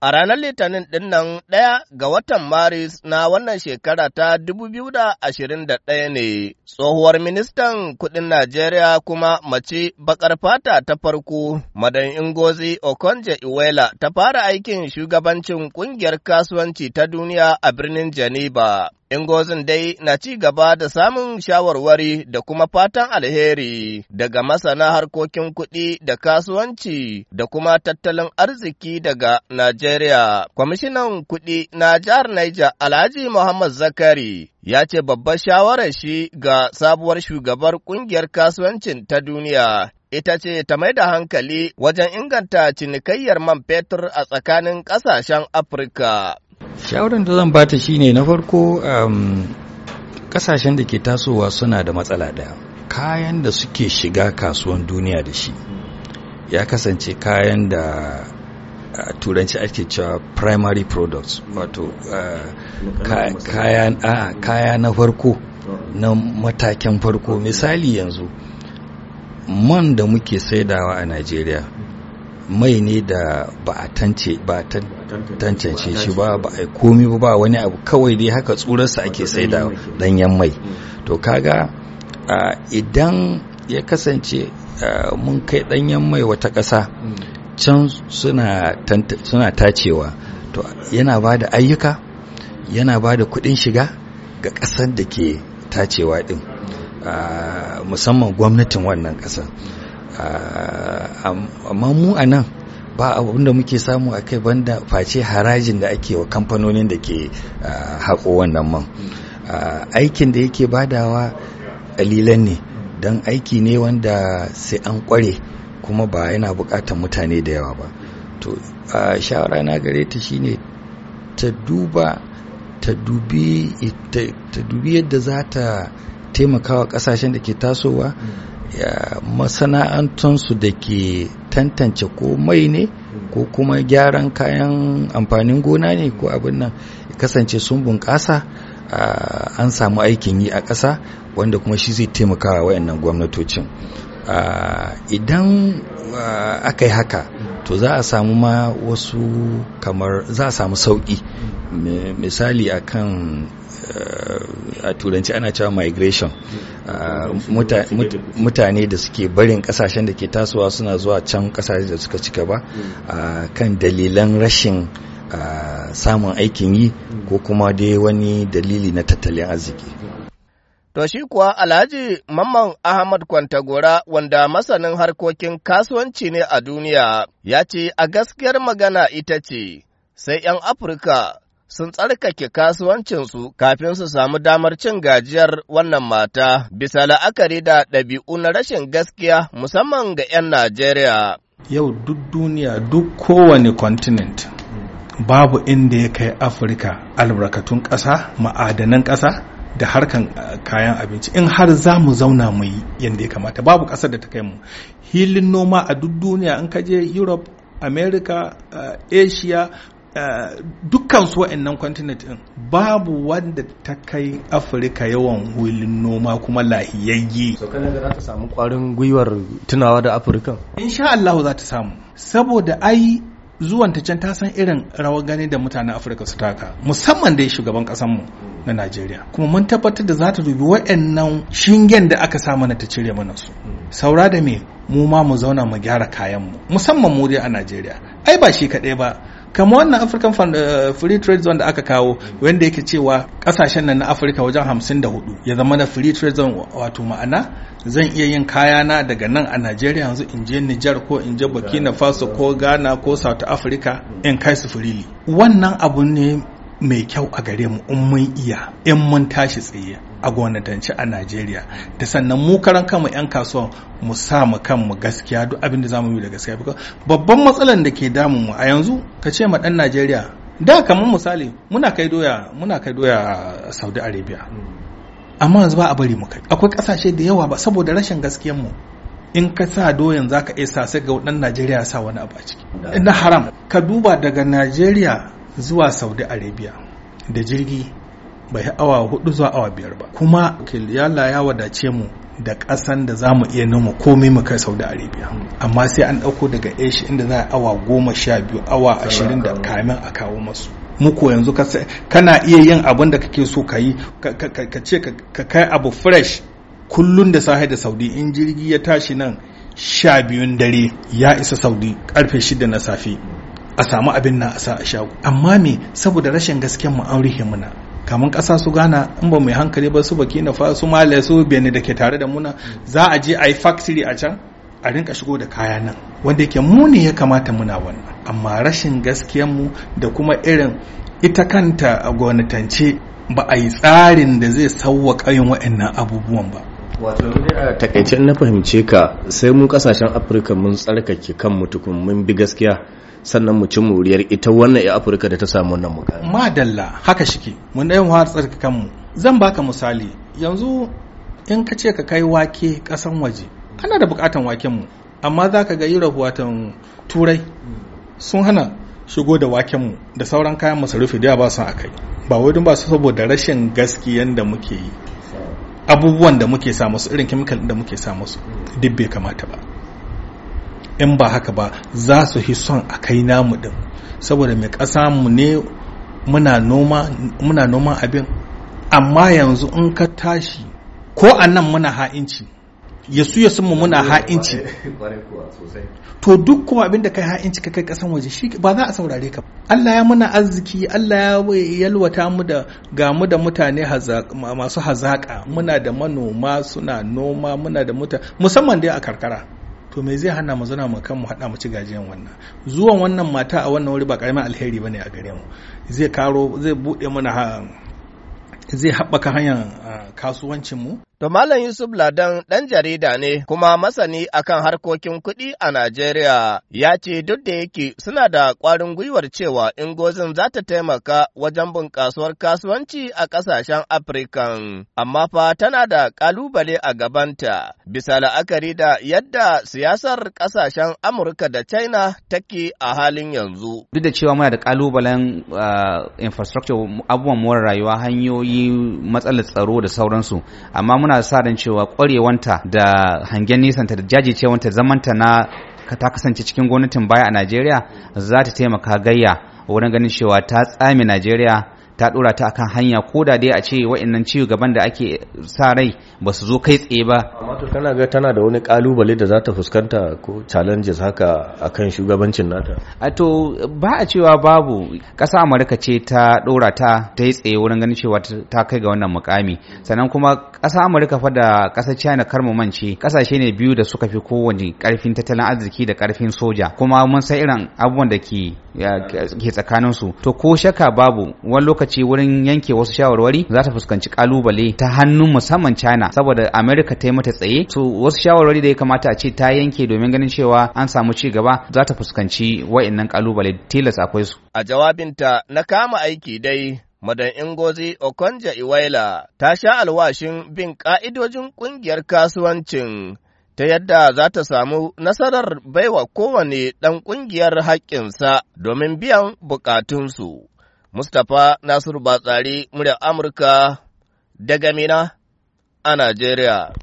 A ranar Litinin ɗin nan ɗaya ga watan Maris na wannan shekara ta 2021 ne, tsohuwar ministan kuɗin Najeriya kuma mace baƙar fata ta farko, Madan Ingozi Okonje iwela ta fara aikin shugabancin ƙungiyar kasuwanci ta duniya a birnin Geneva. Ingozin dai na ci gaba da samun shawarwari da kuma fatan alheri daga masana harkokin kuɗi da kasuwanci da kuma tattalin arziki daga Najeriya. Kwamishinan kuɗi na jihar Niger Alhaji Muhammad Zakari ya ce babbar shawarar shi ga sabuwar shugabar ƙungiyar kasuwancin ta duniya ita ce ta mai da hankali wajen inganta cinikayyar man fetur a tsakanin ƙasashen Afirka. shawarar da zan bata shine na farko um, kasashen da ke tasowa suna da matsala daya kayan da suke shiga kasuwan duniya da shi ya kasance kayan da a turanci ake cewa primary products wato kaya na farko na matakin farko misali yanzu man da muke saidawa a najeriya mai ne da ba a tance ba tantance shi ba ba a komi ba ba wani abu kawai dai haka tsurarsa ake sai da danyen mai mm. to kaga idan ya kasance mun kai danyen mai wata ƙasa mm. can suna tacewa to yana ba da ayyuka yana ba da kuɗin shiga ga ƙasar da ke tacewa din mm. musamman gwamnatin wannan ƙasar Ah, amma mu a nan ba abin da muke samu a kai banda face harajin da ake wa kamfanonin da ke ah, haƙo wannan man ah, aikin da yake badawa ƙalilan ne don aiki ne wanda sai an ƙware kuma ba yana buƙatar mutane da yawa ba to shawara na gare ta shine ta duba ta dubi yadda za ta taimakawa ƙasashen da ke tasowa masana'antunsu da ke tantance ko mai ne ko kuma gyaran kayan amfanin gona ne ko abin nan kasance sun bunƙasa an samu aikin yi a ƙasa wanda kuma shi zai taimakawa wayannan gwamnatocin idan aka yi haka to za a samu ma wasu kamar za a samu sauƙi misali akan a turanci ana cewa migration mutane da suke barin kasashen da ke tasowa suna zuwa can kasashen da suka cika ba kan dalilan rashin samun aikin yi ko kuma dai wani dalili na tattalin arziki To shi kuwa Alhaji Mamman Ahmad Kwantagora wanda masanin harkokin kasuwanci ne a duniya ya ce a gaskiyar magana ita ce sai ‘yan Afirka sun tsarkake kasuwancinsu kafin su samu damar cin gajiyar wannan mata bisa la'akari da ɗabi'u na rashin gaskiya musamman ga 'yan Najeriya. Yau duk duniya duk kowane continent babu inda ya kai Afirka albarkatun ƙasa, ma'adanan ƙasa da harkan eh, kayan abinci in har za mu zauna mu yadda ya kamata babu ƙasar da ta kai mu hilin noma a duk duniya in ka je europe america eh, asia Eh, dukkan su wa'annan continent din babu wanda ta kai afirka yawan wilin noma kuma lahiyayye so kana za ta samu kwarin gwiwar tunawa da afirka insha Allah za ta samu saboda ai zuwan ta can ta san irin rawar gani da mutanen afirka su taka musamman dai shugaban mu na najeriya kuma mun tabbatar da za ta dubi waɗannan shingen da aka sa mana ta cire mana su saura da me mu ma mu zauna mu gyara kayan mu. musamman mu dai a najeriya ai ba shi kaɗai ba kamar wannan african eh, free trade zone da aka kawo wanda yake cewa kasashen nan na afirka wajen hamsin da hudu ya zama na free trade zone wato ma'ana zan iya yin kayana daga nan a najeriya yanzu in je nijar ko in je burkina faso ko ghana ko south africa in kai su firili wannan abu ne mai kyau a gare mu in mun iya in mun tashi tsaye a gwamnatance a Najeriya da sannan mu karan kanmu 'yan kasuwa mu sa mu kanmu gaskiya duk abin da zamu yi da gaskiya babban matsalan da ke damun mu a yanzu ka ce ma dan Najeriya da kamar misali muna kai doya muna kai doya Saudi Arabia amma yanzu ba a bari mu kai akwai kasashe da yawa ba saboda rashin gaskiyar mu in ka sa doyan za ka iya sa sai ga wadannan Najeriya sa wani abu a ciki na haram ka duba daga Najeriya zuwa Saudi Arabia da jirgi bai awa hudu zuwa awa biyar ba kuma kiliyala ya wadace mu da ƙasan da za mu iya nemo komai mu kai saudi arabia amma sai an ɗauko daga asia inda za a awa goma sha biyu awa ashirin da kamin a kawo masu muku yanzu kana iya yin abin da kake so ka yi ka ce ka kai abu fresh kullum da sahi da saudi in jirgi ya tashi nan sha biyun dare ya isa saudi karfe shida na safe a samu abin na a sa a shago amma me saboda rashin gasken mu an rihe muna kamar ƙasa su gana in ba mai hankali ba su baki na fa su mala su bene da ke tare da muna za a je a yi factory a can a rinka shigo da kaya nan wanda yake mu ne ya kamata muna wannan amma rashin gaskiyan mu da kuma irin ita kanta a gwamnatance ba a yi tsarin da zai sauwa yin waɗannan abubuwan ba wato takaicen na fahimce ka sai mun kasashen afirka mun tsarkake kan mutukun mun bi gaskiya sannan mu ci muriyar ita wannan ya afirka da ta samu wannan Ma madalla haka shike mun dai har tsarkake kanmu zan baka misali yanzu in ka ce ka kai wake kasan waje ana da bukatan waken mu amma za ka ga yi rahoton turai sun hana shigo da waken mu da sauran kayan masarufi da ba su a kai ba wai ba su saboda rashin gaskiyan da muke yi abubuwan da muke samu su, irin chemical da muke samu su, duk bai kamata ba in ba haka ba za su hi son a kai namu din saboda mai ƙasa mu ne muna noma abin amma yanzu in ka tashi ko a nan muna ha'inci yasu yasu sun muna ha'inci to duk kuma abin da kai ha'inci ka kai kasan waje shi ba za a saurare ka Allah ya muna arziki Allah ya yalwata mu da ga mu da mutane masu hazaka muna da manoma suna noma muna da muta musamman dai a karkara to me zai hana mu zana mu kan mu hada mu ci gajiyan wannan zuwan wannan mata a wannan wuri ba karamin alheri bane a gare mu zai karo zai bude mana zai haɓaka hanyar ah, kasuwancin mu To Malam Yusuf Ladan ɗan jarida ne kuma masani akan harkokin kuɗi a Najeriya ya ce duk da yake suna da ƙwarin gwiwar cewa ingozin za ta taimaka wajen bunƙasuwar kasuwanci a ƙasashen Afirka, amma fa tana da ƙalubale a gabanta bisa la'akari da yadda siyasar ƙasashen Amurka da China take a halin yanzu. Duk da cewa muna da ƙalubalen ah, infrastructure abubuwan more rayuwa hanyoyi matsalar tsaro da sauransu, amma muna sa ran cewa kwarewanta da hangen nisanta da jajicewanta zamanta na ta kasance cikin gwamnatin baya a Najeriya za ta taimaka gayya wurin ganin cewa ta tsame Najeriya ta dora ta akan hanya ko da dai a ce wa'annan ciwo gaban da ake sa rai ba su zo kai tsaye ba amma to kana ga tana da wani kalubale da za ta fuskanta ko challenges haka akan shugabancin nata a to ba a cewa babu kasa amurka ce ta dora ta ta yi tsaye wurin ganin cewa ta kai ga wannan mukami sannan kuma kasa amurka fa da kasa china kar mu mance ƙasashe ne biyu da suka fi kowane ƙarfin tattalin arziki da karfin soja kuma mun san irin abubuwan da ke tsakanin su to ko shaka babu wani lokaci lokaci wurin yanke wasu shawarwari za ta fuskanci kalubale ta hannun musamman China saboda America ta yi mata tsaye to wasu shawarwari da ya kamata a ce ta yanke domin ganin cewa an samu ci gaba za ta fuskanci wa'annan kalubale tilas akwai su a jawabinta na kama aiki dai Madan Ingozi Okonja iwaila ta sha alwashin bin ƙa'idojin ƙungiyar kasuwancin ta yadda za ta samu nasarar baiwa kowane ɗan ƙungiyar haƙƙinsa domin biyan buƙatunsu. Mustapha Nasiru Batsari, muryar Amurka daga Mina a Najeriya.